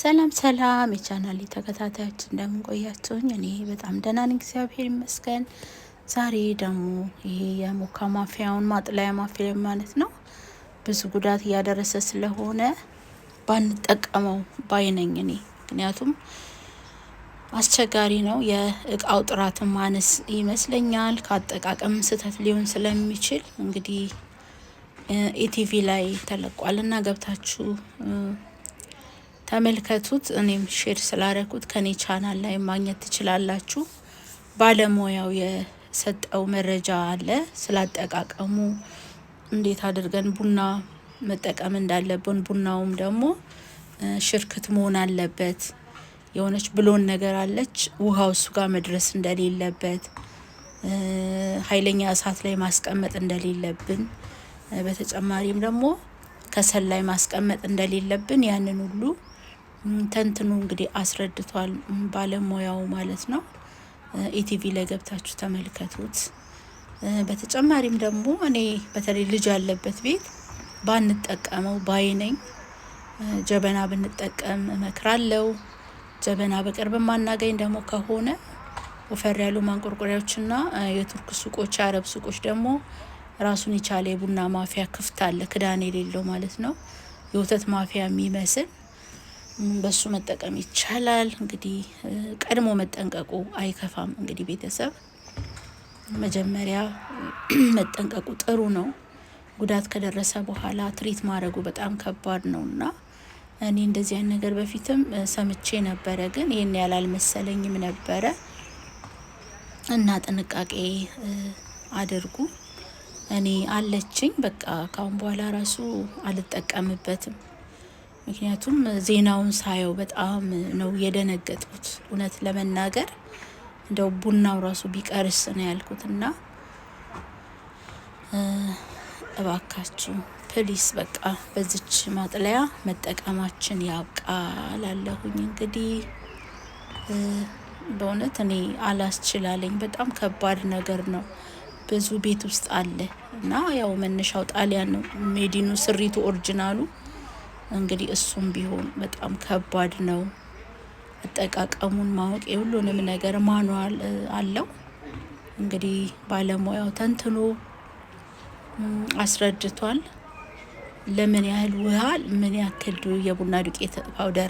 ሰላም ሰላም የቻናል ተከታታዮች እንደምን እኔ በጣም ደህና ነኝ፣ እግዚአብሔር ይመስገን። ዛሬ ደግሞ ይሄ የሞካ ማፊያውን ማጥለያ ማፊያ ማለት ነው ብዙ ጉዳት እያደረሰ ስለሆነ ባንጠቀመው ባይነኝ እኔ ምክንያቱም አስቸጋሪ ነው። የእቃው ጥራት ማነስ ይመስለኛል። ከአጠቃቀም ስህተት ሊሆን ስለሚችል እንግዲህ ኢቲቪ ላይ ተለቋል እና ገብታችሁ ተመልከቱት። እኔም ሼር ስላረኩት ከኔ ቻናል ላይ ማግኘት ትችላላችሁ። ባለሙያው የሰጠው መረጃ አለ ስላጠቃቀሙ፣ እንዴት አድርገን ቡና መጠቀም እንዳለብን፣ ቡናውም ደግሞ ሽርክት መሆን አለበት የሆነች ብሎን ነገር አለች ውሃው እሱ ጋር መድረስ እንደሌለበት ኃይለኛ እሳት ላይ ማስቀመጥ እንደሌለብን በተጨማሪም ደግሞ ከሰል ላይ ማስቀመጥ እንደሌለብን ያንን ሁሉ ተንትኑ እንግዲህ አስረድቷል ባለሙያው ማለት ነው። ኢቲቪ ላይ ገብታችሁ ተመልከቱት። በተጨማሪም ደግሞ እኔ በተለይ ልጅ ያለበት ቤት ባንጠቀመው ባይነኝ ጀበና ብንጠቀም እመክራለሁ። ጀበና በቅርብ ማናገኝ ደግሞ ከሆነ ወፈር ያሉ ማንቆርቆሪያዎችና የቱርክ ሱቆች፣ የአረብ ሱቆች ደግሞ ራሱን የቻለ የቡና ማፊያ ክፍት አለ፣ ክዳን የሌለው ማለት ነው። የወተት ማፊያ የሚመስል በሱ መጠቀም ይቻላል። እንግዲህ ቀድሞ መጠንቀቁ አይከፋም። እንግዲህ ቤተሰብ መጀመሪያ መጠንቀቁ ጥሩ ነው። ጉዳት ከደረሰ በኋላ ትሪት ማድረጉ በጣም ከባድ ነው እና እኔ እንደዚህ አይነት ነገር በፊትም ሰምቼ ነበረ፣ ግን ይህን ያህል አልመሰለኝም ነበረ እና ጥንቃቄ አድርጉ። እኔ አለችኝ በቃ ካሁን በኋላ ራሱ አልጠቀምበትም። ምክንያቱም ዜናውን ሳየው በጣም ነው የደነገጥኩት። እውነት ለመናገር እንደው ቡናው ራሱ ቢቀርስ ነው ያልኩት እና እባካችሁ ፕሊስ በቃ በዚች ማጥለያ መጠቀማችን ያብቃል እንግዲህ በእውነት እኔ አላስችላለኝ። በጣም ከባድ ነገር ነው። ብዙ ቤት ውስጥ አለ እና ያው መነሻው ጣሊያን ነው። ሜዲኑ ስሪቱ ኦሪጂናሉ እንግዲህ እሱም ቢሆን በጣም ከባድ ነው። አጠቃቀሙን ማወቅ የሁሉንም ነገር ማኗል አለው። እንግዲህ ባለሙያው ተንትኖ አስረድቷል። ለምን ያህል ውሃ ምን ያክል የቡና ዱቄት ፓውደር